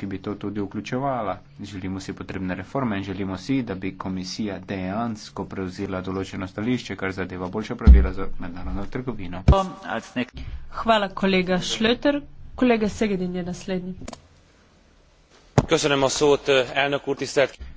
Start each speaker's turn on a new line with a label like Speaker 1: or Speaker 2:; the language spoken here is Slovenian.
Speaker 1: ki bi to tudi vključevala. Želimo si potrebne reforme in želimo si, da bi komisija dejansko prevzela določeno stališče, kar zadeva boljša pravila za mednarodno trgovino.
Speaker 2: Hvala, kolega Šlöter. Kolega Segedin je naslednji.
Speaker 3: Köszönöm a szót, elnök úr, tisztelt!